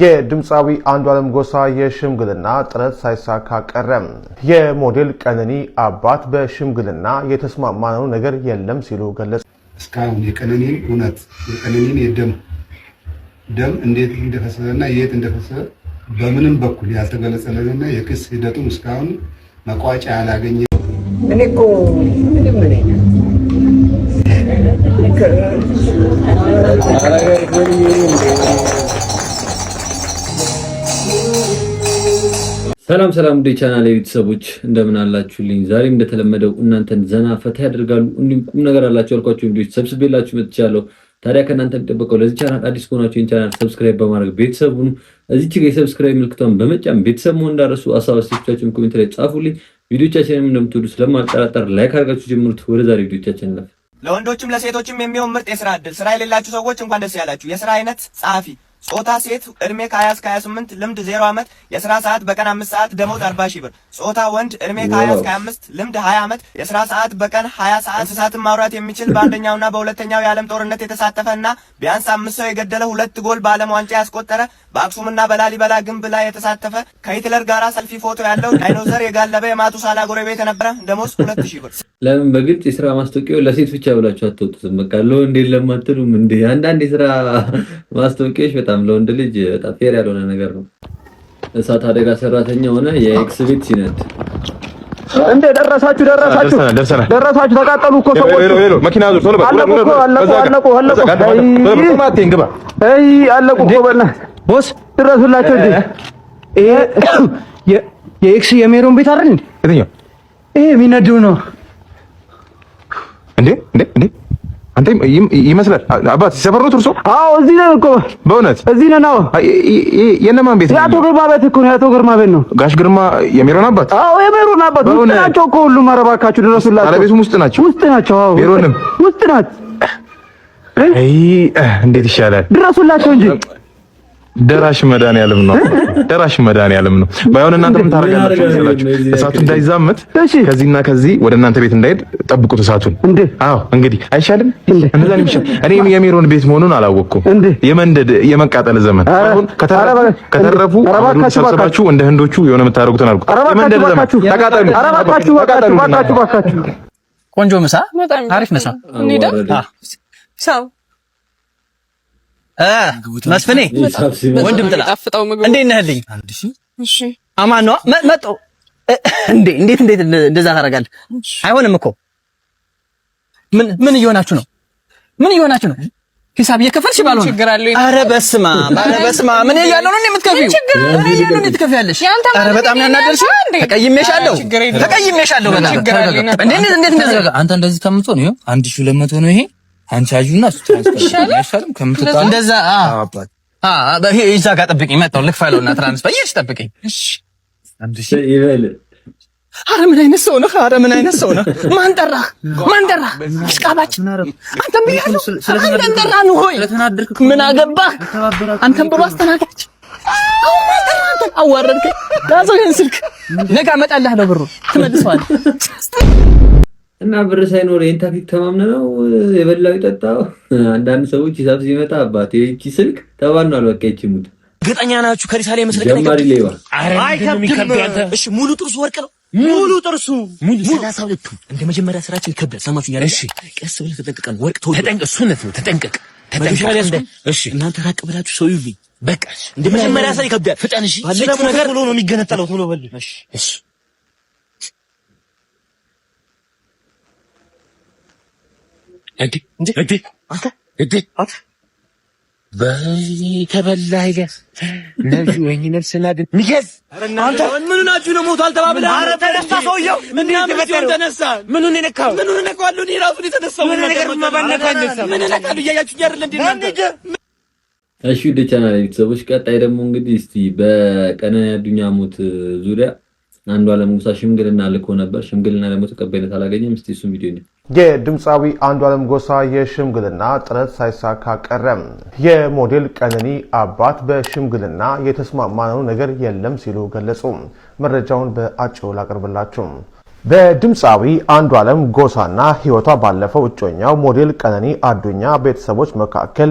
የድምፃዊ አንዷለም ጎሳ የሽምግልና ጥረት ሳይሳካ ቀረም። የሞዴል ቀነኒ አባት በሽምግልና የተስማማነው ነገር የለም ሲሉ ገለጹ። እስካሁን የቀነኒን እውነት የቀነኒን የደም ደም እንዴት እንደፈሰሰና የት እንደፈሰሰ በምንም በኩል ያልተገለጸልንና የክስ ሂደቱም እስካሁን መቋጫ ያላገኘ እኔ እኮ ምንም ሰላም ሰላም እንደ ቻናል የቤተሰቦች እንደምን አላችሁልኝ? ዛሬም እንደተለመደው እናንተን ዘና ፈታ ያደርጋሉ እንዲሁም ቁም ነገር አላቸው ያልኳቸው እንዲሁ ሰብስቤላችሁ መጥቻለሁ። ታዲያ ከእናንተ የሚጠበቀው ለዚህ ቻናል አዲስ ከሆናችሁ ቻናል ሰብስክራይብ በማድረግ ቤተሰቡን እዚች ጋ የሰብስክራይብ ምልክቷን በመጫን ቤተሰብ መሆን እንዳረሱ ሀሳብ አስተያየቶቻችሁን ኮሜንት ላይ ጻፉልኝ። ቪዲዮቻችንም እንደምትወዱ ስለማጠራጠር ላይክ አድርጋችሁ ጀምሩት። ወደ ዛሬ ቪዲዮቻችን ለፍ ለወንዶችም ለሴቶችም የሚሆን ምርጥ የስራ እድል ስራ የሌላችሁ ሰዎች እንኳን ደስ ያላችሁ። የስራ አይነት ጸሐፊ ጾታ ሴት እድሜ ከ20 እስከ 28 ልምድ 0 ዓመት የስራ ሰዓት በቀን 5 ሰዓት ደሞዝ 40 ሺህ ብር። ጾታ ወንድ እድሜ ከ20 እስከ 25 ልምድ 20 ዓመት የስራ ሰዓት በቀን 20 ሰዓት። እንስሳትን ማውራት የሚችል በአንደኛውና በሁለተኛው የዓለም ጦርነት የተሳተፈና ቢያንስ አምስት ሰው የገደለ ሁለት ጎል በዓለም ዋንጫ ያስቆጠረ በአክሱምና በላሊበላ ግንብ ላይ የተሳተፈ ከሂትለር ጋር ሰልፊ ፎቶ ያለው ዳይኖዘር የጋለበ የማቱሳላ ጎረቤት የነበረ ደሞዝ 20 ብር። ለምን በግልጽ የስራ ማስታወቂያው ለሴት ብቻ ብላችሁ አትወጡትም? በቃ ለወንድ የለም አትሉም አንዳንድ የስራ ማስታወቂያዎች በጣም በጣም ለወንድ ልጅ በጣም ፌር ያልሆነ ነገር ነው። እሳት አደጋ ሰራተኛ ሆነ የኤክስ ቤት ሲነድ እንዴ! ደረሳችሁ ደረሳችሁ ደረሳችሁ ተቃጠሉ እኮ ሰዎች መኪና ዙር ቶሎ አለቁ አለቁ አለቁ አለቁ እኮ በእናትህ ቦስ ድረሱላቸው እንጂ ይሄ የኤክስ የሜሮን ቤት አይደል እንዴ? የትኛው ይሄ የሚነደው ነው እንዴ እንዴ እንዴ አንተ ይመስላል አባት ሲሰበሩት እርሶ? አዎ እዚህ ነን እኮ በእውነት እዚህ ነን። አዎ የእነማን ቤት ነው? የአቶ ግርማ ቤት እኮ ነው። የአቶ ግርማ ቤት ነው። ጋሽ ግርማ የሜሮን አባት? አዎ የሜሮን አባት ውስጥ ናቸው እኮ ሁሉም። ኧረ እባካችሁ ድረሱላቸው። ቤቱም ውስጥ ናቸው፣ ውስጥ ናቸው። አዎ ሜሮንም ውስጥ ናት። አይ እንዴት ይሻላል? ድረሱላቸው እንጂ ደራሽ መድኃኒዓለም ነው። ደራሽ መድኃኒዓለም ነው ባይሆን እናንተ ምን ታደርጋላችሁ መሰላችሁ? እሳቱ እንዳይዛመት ከዚህና ከዚህ ወደ እናንተ ቤት እንዳይሄድ ጠብቁት እሳቱን። አዎ እንግዲህ አይሻልም? እንደዛን ነው የሚሻል። እኔ የሜሮን ቤት መሆኑን አላወቅኩም። የመንደድ የመቃጠል ዘመን አሁን ከተረፉ ሰብሰባችሁ እንደ ህንዶቹ የሆነ የምታደርጉትን አልኩ። የመንደድ ዘመን ተቃጠሉ፣ ተቃጠሉ። ቆንጆ ምሳ፣ አሪፍ ምሳ መስፍኔ ወንድም ጥላ እንዴት ነህልኝ? አማን ነዋ። መጣሁ እንዴ! እንዴት እንዴት እንደዛ ታደርጋለህ? አይሆንም እኮ ምን ምን እየሆናችሁ ነው? ምን እየሆናችሁ ነው? ሂሳብ እየከፈልሽ ባልሆነ አረ በስማ አረ በስማ ምን እያለው ነው የምትከፊው? አረ በጣም ያናደርሽ። ተቀይሜሻለሁ፣ ተቀይሜሻለሁ። በጣም እንዴት እንዴት እንደዚህ አንተ እንደዚህ ከምትሆን ይሄ አንድ ሺህ ሁለት መቶ ነው ይሄ አንቺ አዩና እሱ ትራንስፈር አይሻልም? ከምትጣ እንደዛ አባት አ እዛ ጋር ጠብቂኝ፣ መጣሁ ልክፈለውና ትራንስፈር ይሽ ጠብቂኝ። እሺ ይበል። አረ ምን አይነት ሰው ነህ? አረ ምን አይነት ሰው ነህ? ማን ጠራህ? ማን ጠራህ? ሽቃባች አንተም ብያለሁ። አንተም ጠራህ ነው ሆይ ምን አገባህ? አንተም ብሎ አስተናጋጅ አዋረድከኝ። ዳዞ ይሄን ስልክ ነገ አመጣልሃለሁ፣ ብሩ ትመልሰዋለህ። እና ብር ሳይኖር የኢንተርኔት ታክቲክ ተማምነ ነው የበላው የጠጣው። አንዳንድ ሰዎች ሂሳብ ሲመጣ አባት ይቺ ስልክ ተባኗል። በቃ ይቺ ሙት እርግጠኛ ናችሁ? ከሪሳ ላይ መስለቅ ጀማሪ ሌባ እሺ፣ ሙሉ ጥርሱ ወርቅ ነው። ሙሉ ጥርሱ ሰላሳ ሁለቱ እንደ መጀመሪያ ስራችን ይከብዳል። ሰማችሁኛል? እሺ፣ ቀስ ብለህ ተጠንቀቀን። ወርቅ ተጠንቀቅ፣ እሱነት ነው ተጠንቀቅ። እሺ እናንተ ራቅ ብላችሁ ሰው ይሉኝ። በቃ እንደ መጀመሪያ ስራ ይከብዳል። ፍጠን። እሺ፣ ስለሙ ነገር ብሎ ነው የሚገነጠለው። ቶሎ በል። እሺ ተበላ ነፍስና ድን አንተ ምኑን ናችሁ ነው ሞቷል ተባብለ። ኧረ ተነሳ ሰውየው ተነሳ። ነካው? ነካው? ራሱ የተነሳው ምን ነገር ማባነካ ነሳ ምን እንዴ እሺ ወደ ቻናል ቤተሰቦች፣ ቀጣይ ደግሞ እንግዲህ እስቲ በቀነኒ አዱኛ ሞት ዙሪያ አንዷ ጎሳ ሽምግልና ልኮ ነበር። ሽምግልና ደግሞ ተቀባይነት አላገኘም። እስቲ እሱም ቪዲዮ ነው የድምፃዊ አንዷለም ጎሳ የሽምግልና ጥረት ሳይሳካ ቀረም። የሞዴል ቀነኒ አባት በሽምግልና የተስማማነው ነገር የለም ሲሉ ገለጹ። መረጃውን በአጭሩ ላቅርብላችሁ። በድምፃዊ አንዷለም ጎሳና ሕይወቷ ባለፈው እጮኛው ሞዴል ቀነኒ አዱኛ ቤተሰቦች መካከል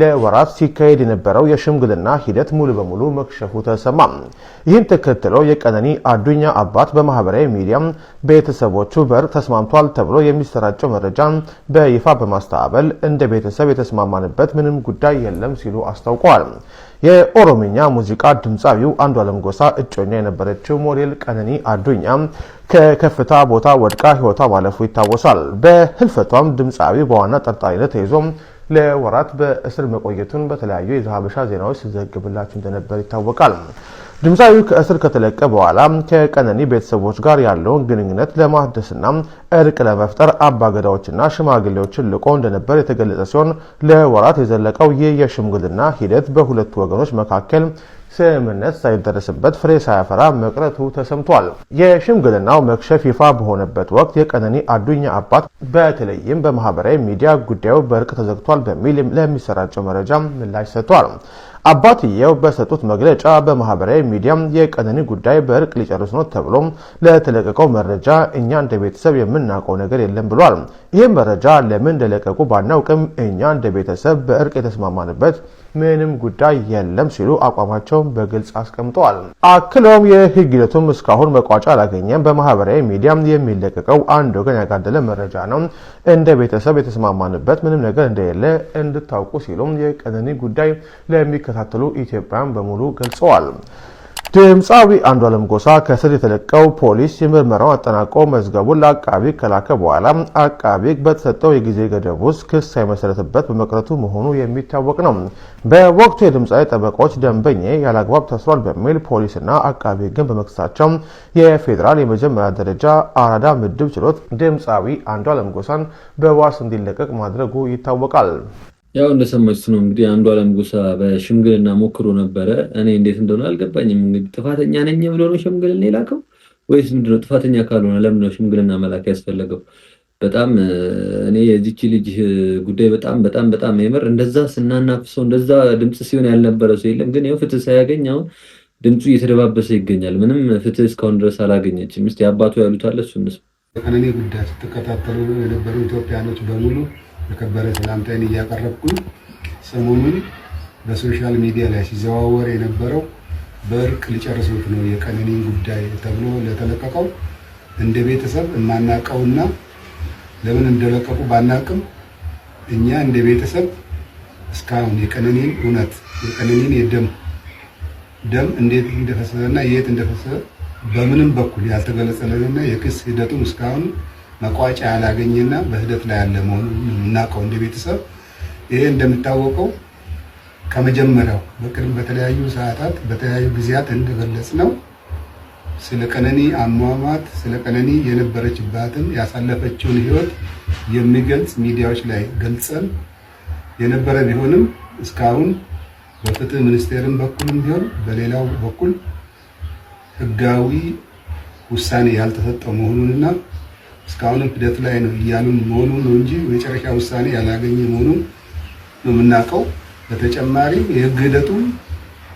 ለወራት ሲካሄድ የነበረው የሽምግልና ሂደት ሙሉ በሙሉ መክሸፉ ተሰማ። ይህን ተከትሎ የቀነኒ አዱኛ አባት በማህበራዊ ሚዲያ ቤተሰቦቹ በር ተስማምቷል ተብሎ የሚሰራጨው መረጃ በይፋ በማስተባበል እንደ ቤተሰብ የተስማማንበት ምንም ጉዳይ የለም ሲሉ አስታውቀዋል። የኦሮምኛ ሙዚቃ ድምፃዊው አንዱዓለም ጎሳ እጮኛ የነበረችው ሞዴል ቀነኒ አዱኛ ከከፍታ ቦታ ወድቃ ህይወቷ ማለፉ ይታወሳል። በህልፈቷም ድምፃዊው በዋና ጠርጣሪነት ተይዞም ለወራት በእስር መቆየቱን በተለያዩ የዘሀበሻ ዜናዎች ሲዘግብላችሁ እንደነበር ይታወቃል። ድምፃዊ ከእስር ከተለቀ በኋላ ከቀነኒ ቤተሰቦች ጋር ያለውን ግንኙነት ለማደስና እርቅ ለመፍጠር አባገዳዎችና ሽማግሌዎችን ልቆ እንደነበር የተገለጸ ሲሆን ለወራት የዘለቀው ይህ የሽምግልና ሂደት በሁለቱ ወገኖች መካከል ስምምነት ሳይደረስበት ፍሬ ሳያፈራ መቅረቱ ተሰምቷል። የሽምግልናው መክሸፍ ይፋ በሆነበት ወቅት የቀነኒ አዱኛ አባት በተለይም በማህበራዊ ሚዲያ ጉዳዩ በእርቅ ተዘግቷል በሚል ለሚሰራጨው መረጃ ምላሽ ሰጥቷል። አባትየው በሰጡት መግለጫ በማህበራዊ ሚዲያ የቀነኒ ጉዳይ በእርቅ ሊጨርስ ነው ተብሎ ለተለቀቀው መረጃ እኛ እንደ ቤተሰብ የምናውቀው ነገር የለም ብሏል። ይህም መረጃ ለምን እንደለቀቁ ባናውቅም እኛ እንደ ቤተሰብ በእርቅ የተስማማንበት ምንም ጉዳይ የለም ሲሉ አቋማቸውን በግልጽ አስቀምጠዋል። አክለውም የህግ ሂደቱም እስካሁን መቋጫ አላገኘም፣ በማህበራዊ ሚዲያ የሚለቀቀው አንድ ወገን ያጋደለ መረጃ ነው። እንደ ቤተሰብ የተስማማንበት ምንም ነገር እንደሌለ እንድታውቁ ሲሉም የቀነኒ ጉዳይ ለሚከ እንደሚከታተሉ ኢትዮጵያን በሙሉ ገልጸዋል። ድምፃዊ አንዷለም ጎሳ ከእስር የተለቀው ፖሊስ የምርመራው አጠናቆ መዝገቡን ለአቃቢ ከላከ በኋላ አቃቢ በተሰጠው የጊዜ ገደብ ውስጥ ክስ ሳይመሰረትበት በመቅረቱ መሆኑ የሚታወቅ ነው። በወቅቱ የድምፃዊ ጠበቆች ደንበኛ ያለአግባብ ተስሯል በሚል ፖሊስና አቃቢ ግን በመክሰታቸው የፌዴራል የመጀመሪያ ደረጃ አራዳ ምድብ ችሎት ድምፃዊ አንዷለም ጎሳን በዋስ እንዲለቀቅ ማድረጉ ይታወቃል። ያው እንደሰማችሁት ነው እንግዲህ አንዱ ዓለም ጎሳ በሽምግልና ሞክሮ ነበረ። እኔ እንዴት እንደሆነ አልገባኝም። እንግዲህ ጥፋተኛ ነኝ ብሎ ነው ሽምግልና የላከው ወይስ ምንድነው? ጥፋተኛ ካልሆነ ለምን ነው ሽምግልና መላክ ያስፈለገው? በጣም እኔ የዚች ልጅ ጉዳይ በጣም በጣም በጣም የምር እንደዛ ስናናፍሰው እንደዛ ድምፅ ሲሆን ያልነበረ ሰው የለም። ግን ያው ፍትህ ሳያገኝ አሁን ድምፁ እየተደባበሰ ይገኛል። ምንም ፍትህ እስካሁን ድረስ አላገኘችም። ስ አባቱ ያሉት አለ እሱ እነሱ ከነኔ ጉዳይ ስትከታተሉ የነበሩ ኢትዮጵያኖች በሙሉ የከበረ ሰላምታዬን እያቀረብኩኝ ሰሞኑን በሶሻል ሚዲያ ላይ ሲዘዋወር የነበረው በእርቅ ሊጨርሱት ነው የቀነኒን ጉዳይ ተብሎ ለተለቀቀው እንደ ቤተሰብ የማናቀውና ለምን እንደለቀቁ ባናቅም እኛ እንደ ቤተሰብ እስካሁን የቀነኒን እውነት የቀነኒን የደም ደም እንዴት እንደፈሰሰና የት እንደፈሰሰ በምንም በኩል ያልተገለጸልንና የክስ ሂደቱም እስካሁን መቋጫ ያላገኘና በሂደት ላይ ያለ መሆኑን የምናውቀው እንደ ቤተሰብ ይሄ እንደሚታወቀው ከመጀመሪያው በቅድም በተለያዩ ሰዓታት በተለያዩ ጊዜያት እንደገለጽ ነው ስለ ቀነኒ አሟሟት ስለ ቀነኒ የነበረችባትን ያሳለፈችውን ህይወት የሚገልጽ ሚዲያዎች ላይ ገልጸን የነበረ ቢሆንም እስካሁን በፍትህ ሚኒስቴርም በኩልም ቢሆን በሌላው በኩል ህጋዊ ውሳኔ ያልተሰጠው መሆኑንና እስካሁንም ሂደት ላይ ነው እያሉን መሆኑን ነው እንጂ መጨረሻ ውሳኔ ያላገኘ መሆኑን ነው የምናውቀው። በተጨማሪም የህግ ሂደቱም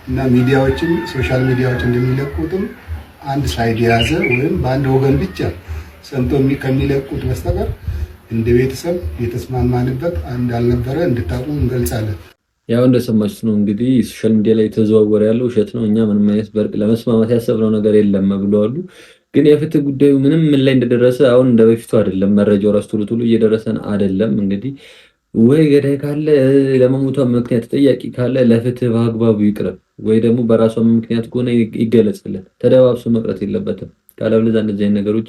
እና ሚዲያዎችም ሶሻል ሚዲያዎች እንደሚለቁትም አንድ ሳይድ የያዘ ወይም በአንድ ወገን ብቻ ሰምቶ ከሚለቁት በስተቀር እንደ ቤተሰብ የተስማማንበት እንዳልነበረ እንድታቁ እንገልጻለን። ያው እንደሰማችሁት ነው እንግዲህ ሶሻል ሚዲያ ላይ የተዘዋወረ ያለው ውሸት ነው፣ እኛ ምንም አይነት በርቅ ለመስማማት ያሰብነው ነገር የለም ብለዋሉ። ግን የፍትህ ጉዳዩ ምንም ምን ላይ እንደደረሰ አሁን እንደ በፊቱ አይደለም። መረጃው ራሱ ቶሎ ቶሎ እየደረሰን አይደለም። እንግዲህ ወይ ገዳይ ካለ ለመሞቷ ምክንያት ተጠያቂ ካለ ለፍትህ በአግባቡ ይቅረብ፣ ወይ ደግሞ በራሷ ምክንያት ከሆነ ይገለጽልን። ተደባብሶ መቅረት የለበትም። ካለብለዛ እንደዚህ አይነት ነገሮች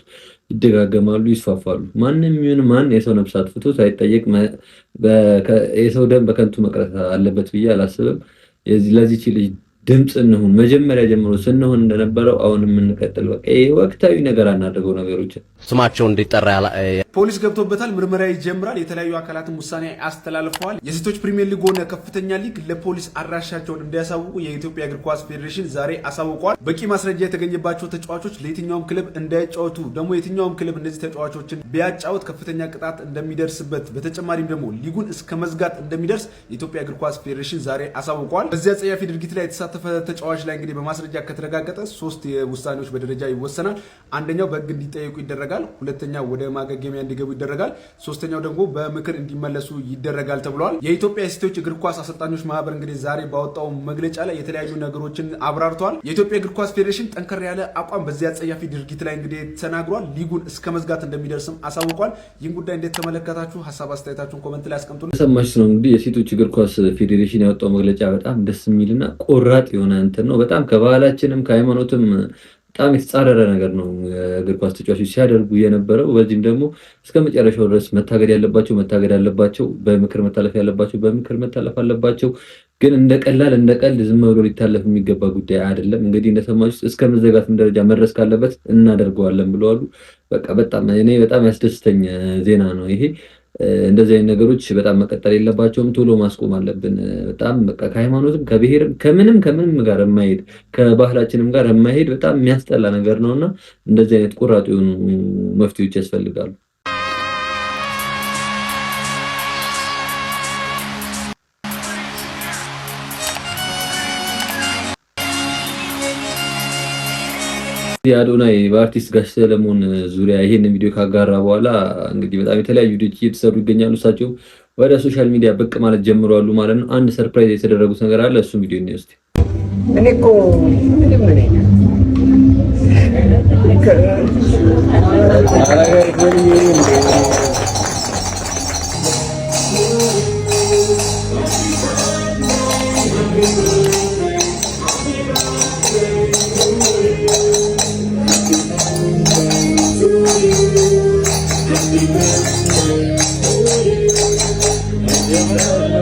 ይደጋገማሉ፣ ይስፋፋሉ። ማንም ይሁን ማን የሰው ነፍስ አጥፍቶ ሳይጠየቅ የሰው ደም በከንቱ መቅረት አለበት ብዬ አላስብም። ለዚች ልጅ ድምፅ እንሁን። መጀመሪያ ጀምሮ ስንሆን እንደነበረው አሁን የምንቀጥል በቃ ወቅታዊ ነገር አናደርገው ነገሮችን ስማቸው እንዲጠራ ፖሊስ ገብቶበታል፣ ምርመራ ይጀምራል። የተለያዩ አካላትም ውሳኔ አስተላልፈዋል። የሴቶች ፕሪሚየር ሊግ ሆነ ከፍተኛ ሊግ ለፖሊስ አድራሻቸውን እንዲያሳውቁ የኢትዮጵያ እግር ኳስ ፌዴሬሽን ዛሬ አሳውቋል። በቂ ማስረጃ የተገኘባቸው ተጫዋቾች ለየትኛውም ክለብ እንዳይጫወቱ ደግሞ የትኛውም ክለብ እነዚህ ተጫዋቾችን ቢያጫወት ከፍተኛ ቅጣት እንደሚደርስበት በተጨማሪም ደግሞ ሊጉን እስከ መዝጋት እንደሚደርስ የኢትዮጵያ እግር ኳስ ፌዴሬሽን ዛሬ አሳውቋል። በዚያ ጸያፊ ድርጊት ላይ የተሳተፈ ተጫዋች ላይ እንግዲህ በማስረጃ ከተረጋገጠ ሶስት ውሳኔዎች በደረጃ ይወሰናል። አንደኛው በህግ እንዲጠየቁ ይደረጋል። ሁለተኛ ወደ ማገገሚያ እንዲገቡ ይደረጋል። ሶስተኛው ደግሞ በምክር እንዲመለሱ ይደረጋል ተብለዋል። የኢትዮጵያ የሴቶች እግር ኳስ አሰልጣኞች ማህበር እንግዲህ ዛሬ ባወጣው መግለጫ ላይ የተለያዩ ነገሮችን አብራርተዋል። የኢትዮጵያ እግር ኳስ ፌዴሬሽን ጠንከር ያለ አቋም በዚህ አጸያፊ ድርጊት ላይ እንግዲህ ተናግሯል። ሊጉን እስከ መዝጋት እንደሚደርስም አሳውቋል። ይህን ጉዳይ እንዴት ተመለከታችሁ? ሀሳብ አስተያየታችሁን ኮመንት ላይ አስቀምጡ። ሰማች ነው እንግዲህ የሴቶች እግር ኳስ ፌዴሬሽን ያወጣው መግለጫ በጣም ደስ የሚልና ቆራጥ የሆነ እንትን ነው። በጣም ከባህላችንም ከሃይማኖትም በጣም የተጻረረ ነገር ነው እግር ኳስ ተጫዋቾች ሲያደርጉ የነበረው። በዚህም ደግሞ እስከ መጨረሻው ድረስ መታገድ ያለባቸው መታገድ አለባቸው፣ በምክር መታለፍ ያለባቸው በምክር መታለፍ አለባቸው። ግን እንደ ቀላል እንደ ቀል ዝም ብሎ ሊታለፍ የሚገባ ጉዳይ አይደለም። እንግዲህ እንደሰማችሁት እስከ መዘጋትም ደረጃ መድረስ ካለበት እናደርገዋለን ብለዋሉ። በቃ በጣም እኔ በጣም ያስደስተኝ ዜና ነው ይሄ። እንደዚህ አይነት ነገሮች በጣም መቀጠል የለባቸውም። ቶሎ ማስቆም አለብን። በጣም በቃ ከሃይማኖትም ከብሔርም ከምንም ከምንም ጋር የማይሄድ ከባህላችንም ጋር የማይሄድ በጣም የሚያስጠላ ነገር ነው እና እንደዚህ አይነት ቁራጥ የሆኑ መፍትሄዎች ያስፈልጋሉ። አዶናይ በአርቲስት ጋሽ ሰለሞን ዙሪያ ይሄን ቪዲዮ ካጋራ በኋላ እንግዲህ በጣም የተለያዩ ድጅ እየተሰሩ ይገኛሉ። እሳቸው ወደ ሶሻል ሚዲያ ብቅ ማለት ጀምረዋሉ ማለት ነው። አንድ ሰርፕራይዝ የተደረጉት ነገር አለ። እሱም ቪዲዮ ነው። እስቲ እኔ እኮ ምንም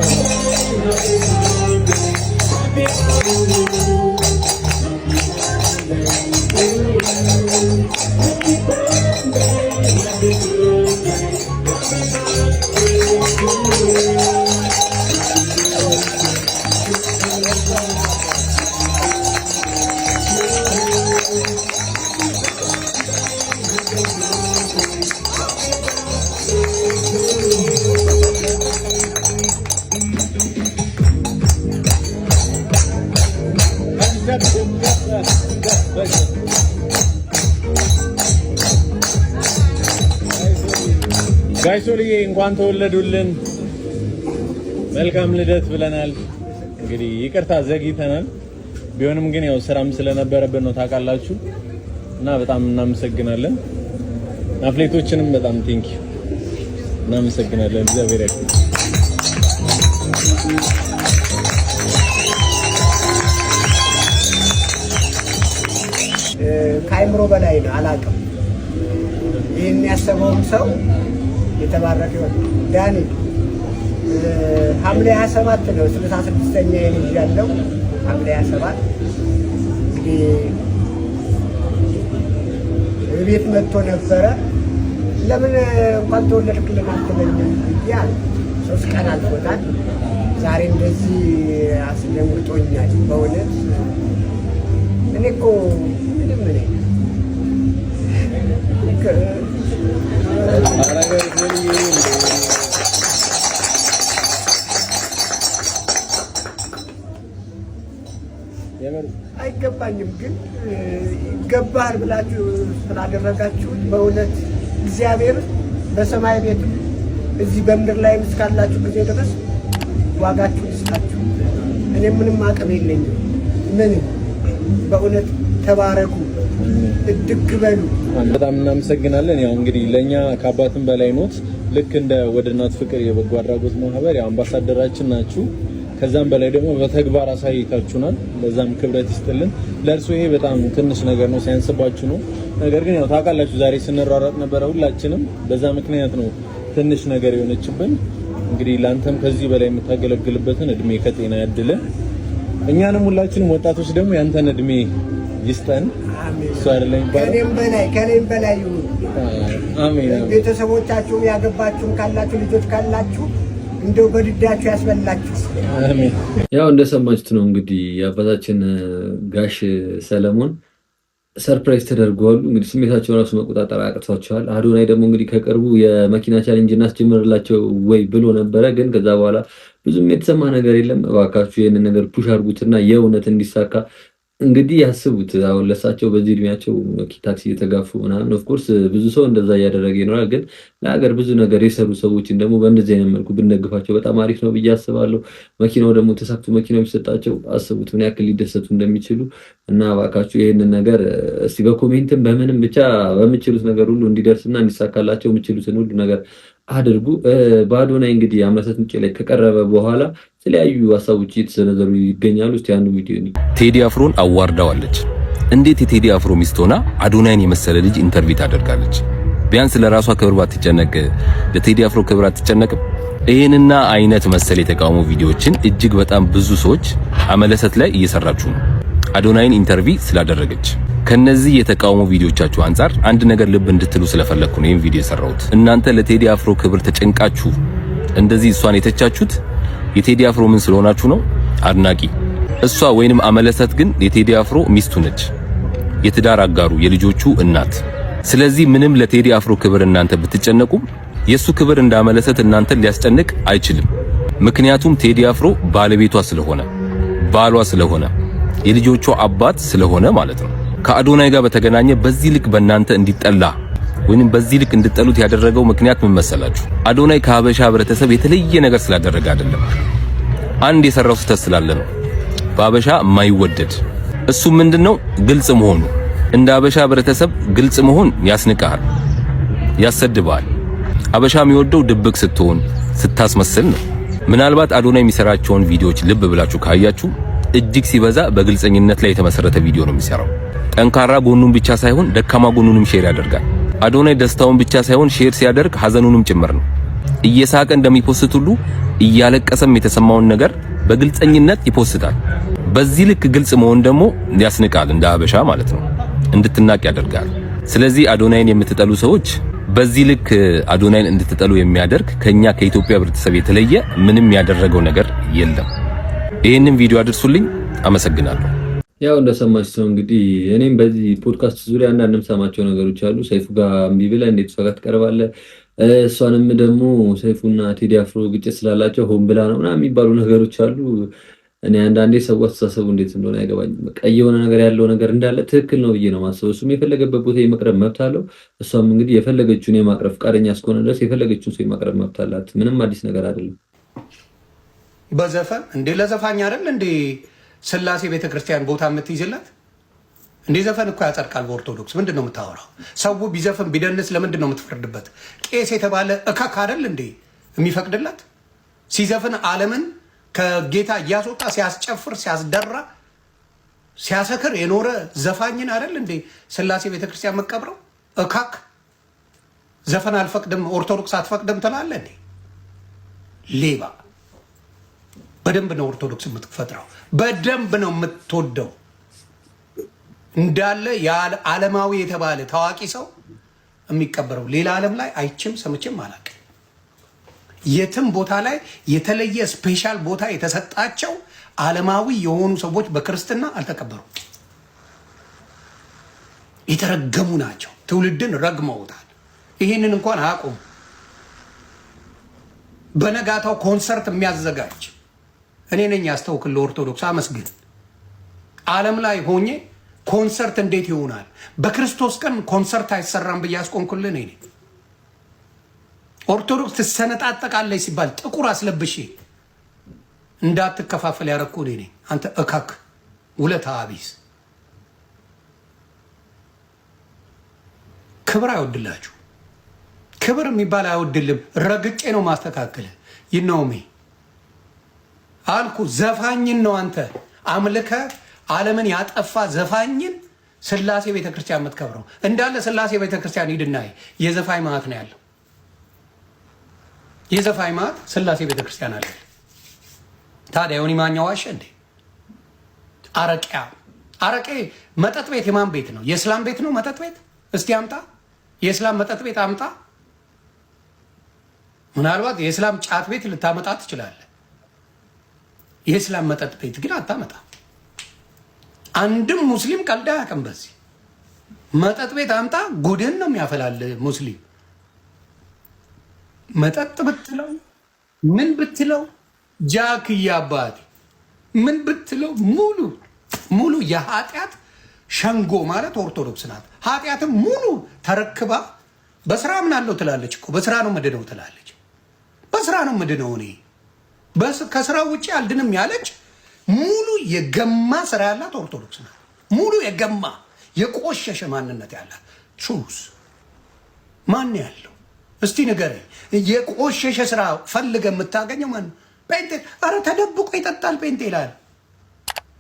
Thank you. እንኳን ተወለዱልን መልካም ልደት ብለናል። እንግዲህ ይቅርታ ዘግይተናል። ቢሆንም ግን ያው ስራም ስለነበረብን ነው ታውቃላችሁ። እና በጣም እናመሰግናለን። አፍሌቶችንም በጣም ቴንክ ዩ እናመሰግናለን። እግዚአብሔር ያክል ከአይምሮ በላይ ነው። አላውቅም ይህን ያሰበውም ሰው የተባረከ ይሆን። ዳኒ ሐምሌ 27 ነው 66ኛ የልጅ ያለው ሐምሌ 27 እንግዲህ ቤት መጥቶ ነበረ። ለምን እንኳን ተወለድክልን አትለኝም ብያል። ሶስት ቀን አልፎታል። ዛሬ እንደዚህ አስደንግጦኛል በእውነት እኔ እኮ ምንም አይገባኝም ግን ይገባሃል ብላችሁ ስላደረጋችሁ በእውነት እግዚአብሔር በሰማይ ቤትም እዚህ በምድር ላይም እስካላችሁ ጊዜ ድረስ ዋጋችሁን ይስጣችሁ። እኔ ምንም አቅም የለኝም ምንም በእውነት ተባረኩ፣ እድግ በሉ። በጣም እናመሰግናለን። ያው እንግዲህ ለእኛ ከአባትም በላይ ኖት። ልክ እንደ ወደ እናት ፍቅር የበጎ አድራጎት ማህበር ያው አምባሳደራችን ናችሁ። ከዛም በላይ ደግሞ በተግባር አሳይታችሁናል። ለዛም ክብረት ይስጥልን። ለእርሱ ይሄ በጣም ትንሽ ነገር ነው፣ ሳያንስባችሁ ነው። ነገር ግን ያው ታውቃላችሁ፣ ዛሬ ስንሯሯጥ ነበረ ሁላችንም። በዛ ምክንያት ነው ትንሽ ነገር የሆነችብን። እንግዲህ ለአንተም ከዚህ በላይ የምታገለግልበትን እድሜ ከጤና ያድልን። እኛንም ሁላችንም ወጣቶች ደግሞ ያንተን እድሜ ይስጠን። እሱ አይደለም ከኔም በላይ ከኔም በላይ ይሁን። አሜን። ቤተሰቦቻችሁም ያገባችሁም ካላችሁ ልጆች ካላችሁ እንደው በድዳችሁ ያስበላችሁ። አሜን። ያው እንደሰማችሁት ነው እንግዲህ የአባታችን ጋሽ ሰለሞን ሰርፕራይዝ ተደርገዋሉ። እንግዲህ ስሜታቸው ራሱ መቆጣጠር አቅቷቸዋል። አዶናይ ደግሞ እንግዲህ ከቅርቡ የመኪና ቻሌንጅ እናስጀምርላቸው ወይ ብሎ ነበረ፣ ግን ከዛ በኋላ ብዙም የተሰማ ነገር የለም። እባካችሁ ይህንን ነገር ፑሽ አድርጉትና የእውነት እንዲሳካ እንግዲህ ያስቡት አሁን ለሳቸው በዚህ እድሜያቸው ታክሲ እየተጋፉ ምናምን ኦፍኮርስ ብዙ ሰው እንደዛ እያደረገ ይኖራል። ግን ለሀገር ብዙ ነገር የሰሩ ሰዎችን ደግሞ በእንደዚህ አይነት መልኩ ብንደግፋቸው በጣም አሪፍ ነው ብዬ አስባለሁ። መኪናው ደግሞ ተሳክቶ መኪናው ቢሰጣቸው አስቡት ምን ያክል ሊደሰቱ እንደሚችሉ እና እባካችሁ ይህንን ነገር እስቲ በኮሜንትም በምንም ብቻ በምችሉት ነገር ሁሉ እንዲደርስና እንዲሳካላቸው የምችሉትን ሁሉ ነገር አድርጉ። ባዶናይ እንግዲህ አመሰት ውጭ ላይ ከቀረበ በኋላ የተለያዩ ሀሳቦች እየተሰነዘሩ ይገኛሉ። እስቲ አንዱ ቪዲዮ ቴዲ አፍሮን አዋርዳዋለች። እንዴት የቴዲ አፍሮ ሚስት ሆና አዶናይን የመሰለ ልጅ ኢንተርቪው ታደርጋለች? ቢያንስ ለራሷ ክብር ባትጨነቅ ለቴዲ አፍሮ ክብር አትጨነቅም? ይህንና አይነት መሰል የተቃውሞ ቪዲዮዎችን እጅግ በጣም ብዙ ሰዎች አመለሰት ላይ እየሰራችሁ ነው። አዶናይን ኢንተርቪው ስላደረገች ከነዚህ የተቃውሞ ቪዲዮቻችሁ አንጻር አንድ ነገር ልብ እንድትሉ ስለፈለግኩ ነው ይህን ቪዲዮ የሰራሁት። እናንተ ለቴዲ አፍሮ ክብር ተጨንቃችሁ እንደዚህ እሷን የተቻችሁት የቴዲ አፍሮ ምን ስለሆናችሁ ነው አድናቂ። እሷ ወይንም አመለሰት ግን የቴዲ አፍሮ ሚስቱ ነች፣ የትዳር አጋሩ፣ የልጆቹ እናት። ስለዚህ ምንም ለቴዲ አፍሮ ክብር እናንተ ብትጨነቁ የሱ ክብር እንዳመለሰት እናንተን ሊያስጨንቅ አይችልም። ምክንያቱም ቴዲ አፍሮ ባለቤቷ ስለሆነ ባሏ ስለሆነ የልጆቹ አባት ስለሆነ ማለት ነው። ከአዶናይ ጋር በተገናኘ በዚህ ልክ በእናንተ እንዲጠላ ወይንም በዚህ ልክ እንድጠሉት ያደረገው ምክንያት ምን መሰላችሁ? አዶናይ ከሀበሻ ህብረተሰብ የተለየ ነገር ስላደረገ አይደለም። አንድ የሰራው ስህተት ስላለ ነው። በሀበሻ የማይወደድ እሱ ምንድነው? ግልጽ መሆኑ። እንደ ሀበሻ ህብረተሰብ ግልጽ መሆን ያስንቃል ያሰድባል ሀበሻ የሚወደው ድብቅ ስትሆን፣ ስታስመስል ነው። ምናልባት አዶናይ የሚሰራቸውን ቪዲዮዎች ልብ ብላችሁ ካያችሁ እጅግ ሲበዛ በግልፀኝነት ላይ የተመሰረተ ቪዲዮ ነው የሚሰራው። ጠንካራ ጎኑን ብቻ ሳይሆን ደካማ ጎኑንም ሼር ያደርጋል። አዶናይ ደስታውን ብቻ ሳይሆን ሼር ሲያደርግ ሀዘኑንም ጭምር ነው። እየሳቀ እንደሚፖስት ሁሉ እያለቀሰም የተሰማውን ነገር በግልጸኝነት ይፖስታል። በዚህ ልክ ግልጽ መሆን ደግሞ ያስንቃል፣ እንደ አበሻ ማለት ነው። እንድትናቅ ያደርጋል። ስለዚህ አዶናይን የምትጠሉ ሰዎች በዚህ ልክ አዶናይን እንድትጠሉ የሚያደርግ ከኛ ከኢትዮጵያ ህብረተሰብ የተለየ ምንም ያደረገው ነገር የለም። ይህንን ቪዲዮ አድርሱልኝ። አመሰግናለሁ። ያው እንደሰማች ሰው እንግዲህ እኔም በዚህ ፖድካስት ዙሪያ አንዳንድ የምሰማቸው ነገሮች አሉ። ሰይፉ ጋር እምቢ ብለህ እንዴት እሷ ጋር ትቀርባለህ? እሷንም ደግሞ ሰይፉና ቴዲ አፍሮ ግጭት ስላላቸው ሆን ብላ ነው ምናምን የሚባሉ ነገሮች አሉ። እኔ አንዳንዴ ሰው አስተሳሰቡ እንዴት እንደሆነ አይገባኝም። በቃ የሆነ ነገር ያለው ነገር እንዳለ ትክክል ነው ብዬ ነው ማሰብ። እሱም የፈለገበት ቦታ የመቅረብ መብት አለው። እሷም እንግዲህ የፈለገችውን የማቅረብ ፈቃደኛ እስከሆነ ድረስ የፈለገችውን ሰው የማቅረብ መብት አላት። ምንም አዲስ ነገር አይደለም። በዘፈን እንዴ ለዘፋኝ አይደል እንዴ ስላሴ ቤተክርስቲያን ቦታ የምትይዝላት እንዲ ዘፈን እኮ ያጸድቃል። በኦርቶዶክስ ምንድን ነው የምታወራው? ሰው ቢዘፍን ቢደንስ ለምንድን ነው የምትፈርድበት? ቄስ የተባለ እከክ አይደል እንዴ የሚፈቅድላት? ሲዘፍን ዓለምን ከጌታ እያስወጣ ሲያስጨፍር፣ ሲያስደራ፣ ሲያሰክር የኖረ ዘፋኝን አይደል እንዴ ስላሴ ቤተክርስቲያን መቀብረው? እካክ ዘፈን አልፈቅድም ኦርቶዶክስ አትፈቅድም ትላለ እንዴ ሌባ በደንብ ነው ኦርቶዶክስ የምትፈጥረው፣ በደንብ ነው የምትወደው። እንዳለ የዓለማዊ የተባለ ታዋቂ ሰው የሚቀበረው ሌላ ዓለም ላይ አይችም ሰምችም አላቅ። የትም ቦታ ላይ የተለየ ስፔሻል ቦታ የተሰጣቸው ዓለማዊ የሆኑ ሰዎች በክርስትና አልተቀበሩም። የተረገሙ ናቸው። ትውልድን ረግመውታል። ይህንን እንኳን አቁም። በነጋታው ኮንሰርት የሚያዘጋጅ እኔ ነኝ ያስተውክል ለኦርቶዶክስ አመስግን። ዓለም ላይ ሆኜ ኮንሰርት እንዴት ይሆናል? በክርስቶስ ቀን ኮንሰርት አይሰራም ብዬ ያስቆንኩልን እኔ ኦርቶዶክስ ትሰነጣጠቃለች ሲባል ጥቁር አስለብሼ እንዳትከፋፈል ያረግኩ እኔ ነኝ። አንተ እካክ ውለት አቢስ ክብር አይወድላችሁ። ክብር የሚባል አይወድልም። ረግጬ ነው ማስተካከል ይነውሜ አልኩ። ዘፋኝን ነው አንተ አምልከ ዓለምን ያጠፋ ዘፋኝን ስላሴ ቤተክርስቲያን የምትከብረው እንዳለ ስላሴ ቤተክርስቲያን ሂድና የዘፋኝ ማት ነው ያለው። የዘፋኝ ማት ስላሴ ቤተክርስቲያን አለ። ታዲያ ዮኒ ማኛ ዋሸ እንዴ? አረቂያ አረቄ መጠጥ ቤት የማን ቤት ነው? የእስላም ቤት ነው መጠጥ ቤት? እስቲ አምጣ፣ የእስላም መጠጥ ቤት አምጣ። ምናልባት የእስላም ጫት ቤት ልታመጣ ትችላለህ። የእስላም መጠጥ ቤት ግን አታመጣ። አንድም ሙስሊም ቀልድ አያውቅም። በዚህ መጠጥ ቤት አምጣ ጉድን ነው የሚያፈላል። ሙስሊም መጠጥ ብትለው ምን ብትለው ጃክያ እያባት ምን ብትለው ሙሉ ሙሉ የኃጢአት ሸንጎ ማለት ኦርቶዶክስ ናት። ኃጢአትም ሙሉ ተረክባ በስራ ምናለው ትላለች እኮ በስራ ነው ምድነው ትላለች። በስራ ነው ምድነው እኔ ከስራ ውጭ አልድንም ያለች ሙሉ የገማ ስራ ያላት ኦርቶዶክስ ናት። ሙሉ የገማ የቆሸሸ ማንነት ያላት ቹስ ማን ያለው እስቲ ንገረኝ። የቆሸሸ ስራ ፈልገ የምታገኘው ማን? ጴንጤ። አረ ተደብቆ ይጠጣል ጴንጤ ይላል።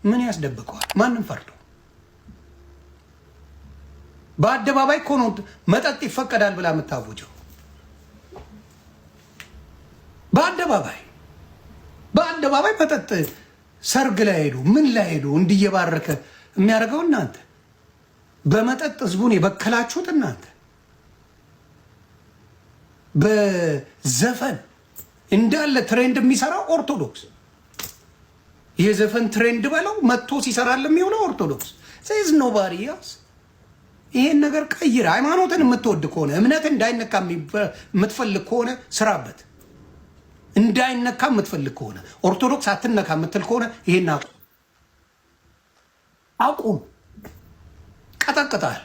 ምን ያስደብቀዋል? ማንም ፈርዶ በአደባባይ እኮ ነው መጠጥ ይፈቀዳል ብላ የምታወጀው በአደባባይ በአደባባይ መጠጥ ሰርግ ላይ ሄዱ፣ ምን ላይ ሄዱ እንዲየባረከ የሚያደርገው እናንተ በመጠጥ ህዝቡን የበከላችሁት እናንተ በዘፈን እንዳለ ትሬንድ የሚሰራው ኦርቶዶክስ የዘፈን ትሬንድ በለው መጥቶ ሲሰራል የሚሆነው ኦርቶዶክስ ዘይዝ ኖባሪ ያስ ይሄን ነገር ቀይር። ሃይማኖትን የምትወድ ከሆነ እምነት እንዳይነካ የምትፈልግ ከሆነ ስራበት። እንዳይነካ የምትፈልግ ከሆነ ኦርቶዶክስ አትነካ የምትል ከሆነ ይሄን አቁም አቁም። ቀጠቅጣል።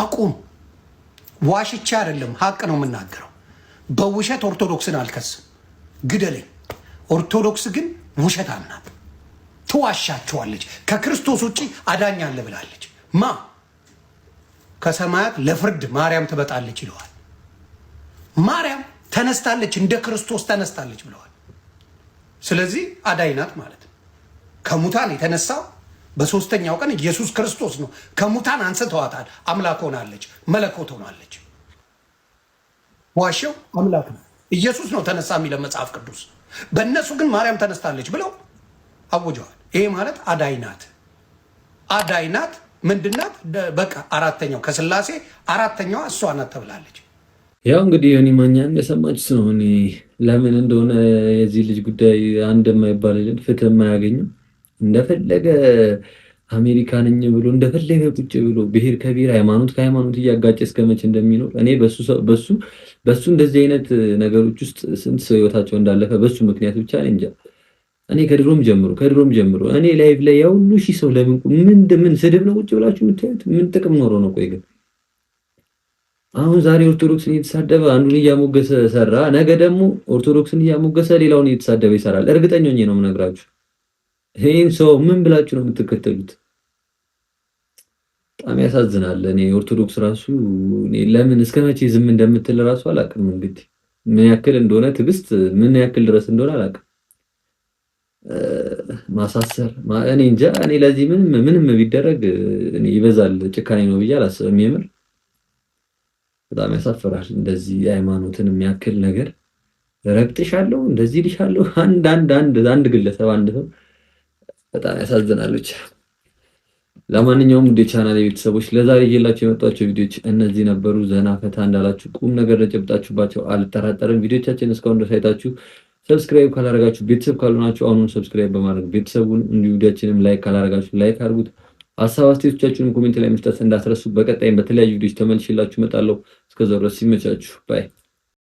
አቁም። ዋሽቼ አይደለም፣ ሀቅ ነው የምናገረው። በውሸት ኦርቶዶክስን አልከስም፣ ግደለኝ። ኦርቶዶክስ ግን ውሸት አምናት ትዋሻቸዋለች። ከክርስቶስ ውጭ አዳኝ አለ ብላለች። ማ ከሰማያት ለፍርድ ማርያም ትበጣለች ይለዋል ማርያም ተነስታለች፣ እንደ ክርስቶስ ተነስታለች ብለዋል። ስለዚህ አዳይ ናት ማለት ነው። ከሙታን የተነሳው በሶስተኛው ቀን ኢየሱስ ክርስቶስ ነው። ከሙታን አንስተዋታል። አምላክ ሆናለች፣ መለኮት ሆናለች። ዋሸው አምላክ ነው። ኢየሱስ ነው ተነሳ የሚለው መጽሐፍ ቅዱስ። በእነሱ ግን ማርያም ተነስታለች ብለው አውጀዋል። ይሄ ማለት አዳኝ ናት፣ ምንድናት ናት። በቃ አራተኛው ከስላሴ አራተኛዋ እሷ ናት ተብላለች። ያው እንግዲህ ዮኒ ማኛ እንደሰማች ነው። እኔ ለምን እንደሆነ የዚህ ልጅ ጉዳይ አንድ የማይባል ፍትህ የማያገኝም እንደፈለገ አሜሪካንኝ ብሎ እንደፈለገ ቁጭ ብሎ ብሔር ከብሔር ሃይማኖት ከሃይማኖት እያጋጨ እስከመቼ እንደሚኖር እኔ በሱ በሱ እንደዚህ አይነት ነገሮች ውስጥ ስንት ሰው ህይወታቸው እንዳለፈ በሱ ምክንያት ብቻ እንጃ። እኔ ከድሮም ጀምሮ ከድሮም ጀምሮ እኔ ላይቭ ላይ ያው ሁሉ ሺህ ሰው ለምን ምን ምን ስድብ ነው ቁጭ ብላችሁ የምታዩት? ምን ጥቅም ኖሮ ነው? ቆይ ግን አሁን ዛሬ ኦርቶዶክስን እየተሳደበ አንዱን እያሞገሰ ሰራ፣ ነገ ደግሞ ኦርቶዶክስን እያሞገሰ ሌላውን እየተሳደበ ይሰራል። እርግጠኛ ነው የምነግራችሁ። ይህን ሰው ምን ብላችሁ ነው የምትከተሉት? በጣም ያሳዝናል። እኔ ኦርቶዶክስ ራሱ ለምን እስከ መቼ ዝም እንደምትል ራሱ አላቅም እንግዲህ ምን ያክል እንደሆነ ትዕግስት ምን ያክል ድረስ እንደሆነ አላውቅም። ማሳሰር እኔ እንጃ። እኔ ለዚህ ምንም ምንም ቢደረግ ይበዛል ጭካኔ ነው ብዬ አላስብም የምር በጣም ያሳፍራል። እንደዚህ የሃይማኖትን የሚያክል ነገር ረግጥሻለሁ፣ እንደዚህ ልሻለሁ። አንድ አንድ አንድ አንድ ግለሰብ አንድ ሰው በጣም ያሳዝናል። ብቻ ለማንኛውም ውድ ቻናል ቤተሰቦች ለዛሬ እየላቸው የመጧቸው ቪዲዮዎች እነዚህ ነበሩ። ዘና ፈታ እንዳላችሁ ቁም ነገር ለጨብጣችሁባቸው አልጠራጠርም። ቪዲዮቻችን እስካሁን ድረስ አይታችሁ ሰብስክራይብ ካላረጋችሁ ቤተሰብ ካልሆናችሁ አሁኑን ሰብስክራይብ በማድረግ ቤተሰቡን እንዲሁ ቪዲዮችንም ላይክ ካላረጋችሁ ላይክ አድርጉት። ሀሳብ አስተያየቶቻችሁንም ኮሜንት ላይ መስጠት እንዳትረሱ። በቀጣይም በተለያዩ ቪዲዮች ተመልሼላችሁ እመጣለሁ። እስከዛው ድረስ ይመቻችሁ ባይ